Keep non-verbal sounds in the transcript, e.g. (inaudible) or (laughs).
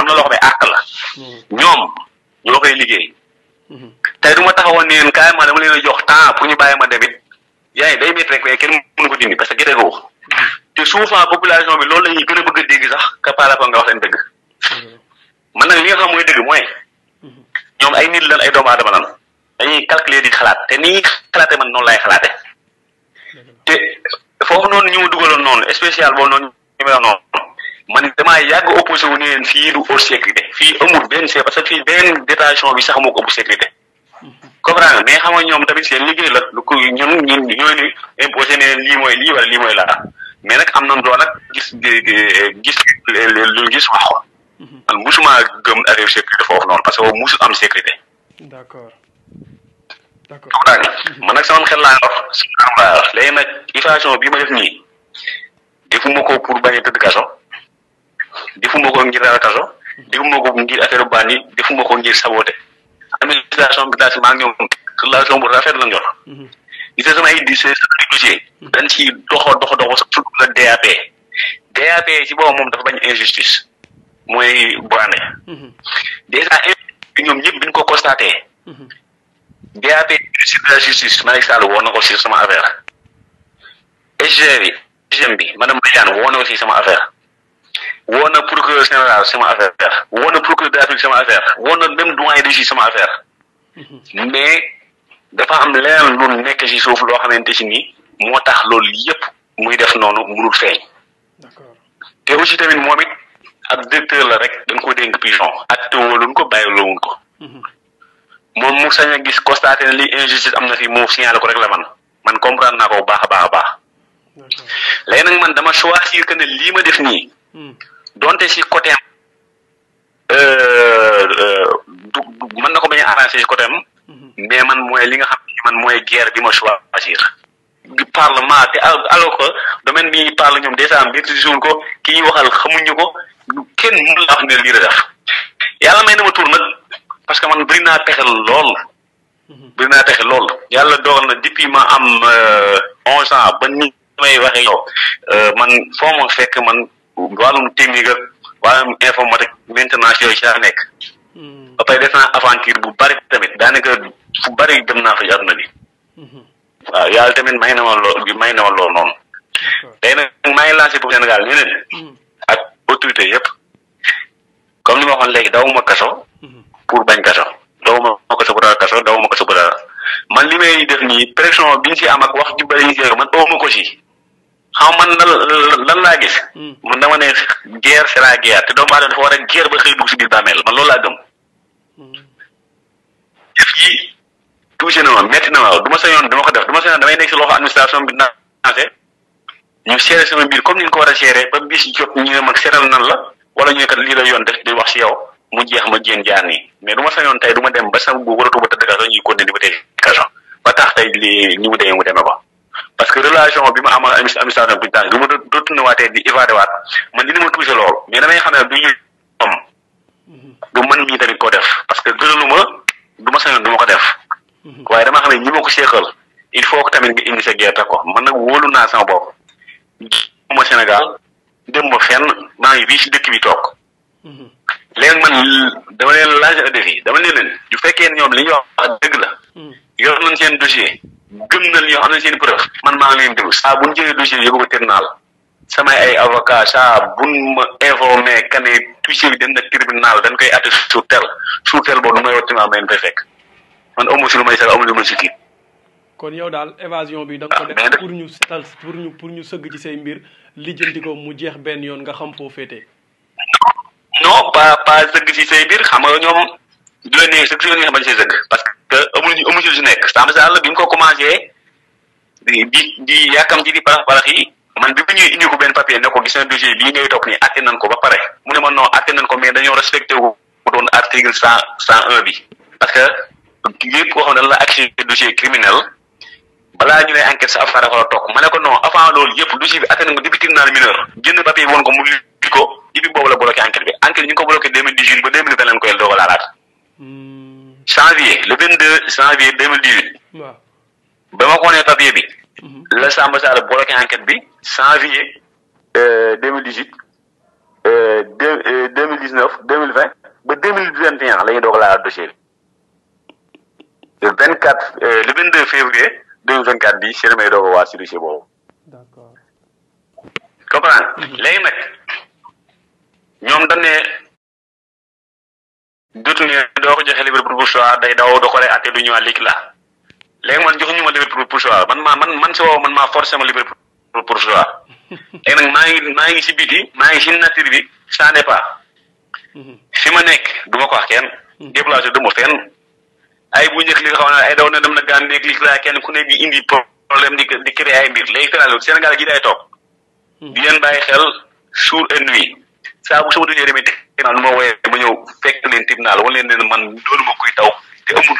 am na loo xam ne la hmm. ñoom ñoo koy liggéey hmm. tey du ma taxawoon ne leen carrément dama leen jox temps pour ñu bàyyi ma demit yaay day métti rek mais kenn mënu ko dindi parce que gerte googu hmm. te souvent population bi loolu la ñuy gën a bëgg a dégg sax que par rapport nga wax leen dëgg man nag li xam mooy dëgg mooy ñoom ay nit la ay doomu aadama lan dañuy calculer di xalaat te ni xalaate man noonu lay xalaate te foofu noonu ñu ma dugaloon noonu spécial boobu noonu ñu may wax noonu man damaa yàgg opposé wu ne leen fii du haute sécurité fii amul benn sé parce que fii benn détention bi sax moo ko ëpp sécurité. comprendre nga xam nga ñoom tamit seen liggéey la lu ko ñun ñun ñoo ne leen mooy lii wala mooy laa mais nag am na loo gis gis lu gis waxoon. man gëm arrivé sécurité foofu noonu parce que musu am sécurité. d'accord d'accord xel laa wax sama léegi nag infraction bi ma def nii defuma ko pour bañ a kaso defuma ko ngir ralataso defuma ko ngir affaire baan yi defuma ko ngir saboté administration bi daal si maa ñoom relation bu rafet la ñor mhm. gis nga sama ay di seen sama dossier mhm. dañ si doxo doxo doxo sax surtout la DAP DAP si boobu moom dafa bañ injustice mooy Boané mhm. dèjà injustice ñoom ñëpp bi ko constaté DAP ministre de la justice Malick Sall ko si affaire SG bi SGM bi madame Badiane ko si sama affaire woo na procureur général sama affaire woo na procureur de la République sama affaire woo na même doyen de juge sama affaire mais dafa am leneen lu nekk ci suuf loo xamante ci ni moo tax loolu yëpp muy def noonu mënul feeñ te aussi tamit moom it ab directeur la rek dañ ko dénk pigeon atte wóoluñ ko bàyyiloowuñ ko mhm. moom mu sañ a gis constaté li injustice am na fi mu signalé ko rek la man man comprendre naa ko bu baax a baax a baax léegi nag man dama choisir que ne lii ma def nii mhm. donte si côté euh, euh, du mën na ko bañ a arrangé si côté am mhm. mais man mooy li nga xam ne man mooy guerre bi ma choisir du parlement te alors que domaine bi ñuy parle ñoom déjà maîtrisé ko ki ñu waxal xamuñu ko kenn mënu la wax ne lii la yàlla may na ma tur nag parce que man bëri naa pexe lool mhm. bëri naa pexe lool yàlla dogal na depuis ma am euh, onze ans ba ni may waxee man foo ma fekk man wàllum technique ak wàllum informatique maintenance yooyu ci laa nekk. Hmm. ba pare def naa aventure bu bari tamit daanaka fu bari dem naa fa ci àdduna bi. Hmm. waaw yàlla tamit may na ma lool may na ma lool noonu. day nag maa ngi lancé pour Sénégal ñu ne hmm. ak autorité yëpp comme ni ma waxoon léegi dawuma kaso pour bañ kaso dawuma kaso bu dara kaso dawuma kaso bu dara man li may def nii pression bi ñu si wax ju bari man ooma ko xaw man lan lan laa gis. man hmm. dama ne guerre c'est la guerre te doomu aadama dafa war a guerre ba xëy dugg si biir bàmmeel man loolu laa gëm. jëf hmm. yi touché na ma métti na ma du ma sañoon du ma ko def duma ma sañoon damay nekk si loxo administration bi naan ñu seere sama mbir comme ni ñu ko war a seere ba bis jot ñu ne mag seeral nan la wala ñu kat lii la yoon def di wax si yow mu jeex ma jéem jaar nii mais du ma sañoon tey du ma dem ba sama bu waratu ba tëdd kaso ñuy continuer di ba ba tax tey lii ni mu demee mu demee ko. relation bi ma amoon administration bi tànk bi ma dootu ñëwaatee di évadé waat man dina ma touché lool mais damay xam ne du ñu am du mën ñi tamit koo def parce que gënalu ma du ma sañoon ma ko def waaye dama xam ne ñi ma ko seexal il faut que tamit nga indi ko man nag wóolu naa sama bopp ma Sénégal dem ba fenn maa ngi bii si dëkk bi toog léegi man dama leen laaj a défi dama leen leen bu fekkee ñoom li wax dëgg la yor nañ seen dossier gëm na li yoo xam ne seen preuve man maa ngi leen déglu saa bu ñu jëlee dossier yóbbu ko tribunal samay ay avocat saa buñ informé que ne dossier bi na tribunal dañ koy atte sur tel sur tel boobu du may wattima ma leen fay fekk man amu si may sax amu lu ma si kon yow daal évasion bi da nga ko ah, def pour ñu setal pour ñu pour ñu sëgg ci say mbir lijjanti mu jeex benn yoon nga xam foo féetee non pas pas sëgg si say mbir xam nga ñoom du la nee sëgg si yoon nga xam sëgg amuñu amuñu lu nekk Samba Sall bi mu ko commencé di di yàkkam man bi mu ñëwee indi ko benn papier dañoo respecté wu doon article cent cent un bi parce que yëpp koo xam ne dañ la accès criminel balaa ñu lay enquête sa affaire dafa toog ma ne ko loolu yëpp dossier bi àtte nañ mineur génn papier boobu la bloqué enquête bi enquête ñu ngi ko bloqué deux mille dix huit ba deux mille vingt janvier le vingt deux janvier deux mille dix huit ba ma ko nee papier bi mhm. la Samba Sall bloqué enquête bi janvier euh, deux mille dix huit euh, deux euh, de mille dix neuf deux mille vingt ba deux mille vingt et un la ñu doog laalaat dossier bi le vingt quatre le vingt deux février deux mille vingt quatre bi si la may doog a waat si dossier boobu. d'accord comprendre mhm. léegi nag ñoom dañ ne jotul doo ko joxe libre pourvoir day daw doo ko lay àtte du ñëwaat ligue la léegi man joxuñu ma libre pourvoir man maa man man sa woo man maa forcé ma libre pourvoir (laughs) léegi nag maa ngi maa ngi si biti maa ngi si bi ça n'est pas mhm. fi ma nekk du ma ko wax kenn mhm. déplacé du ma fenn bu li xam ne ay daw na dem na gaan nekk ligue kenn ku nekk di indi problème di di créer ay mbir léegi fenal Sénégal gi day toog mhm. di leen xel jour et nuit saa bu sama duñee demee naa lu ma woyee ba ñëw fekk leen tribunal wala leen man doonu ma kuy daw te amul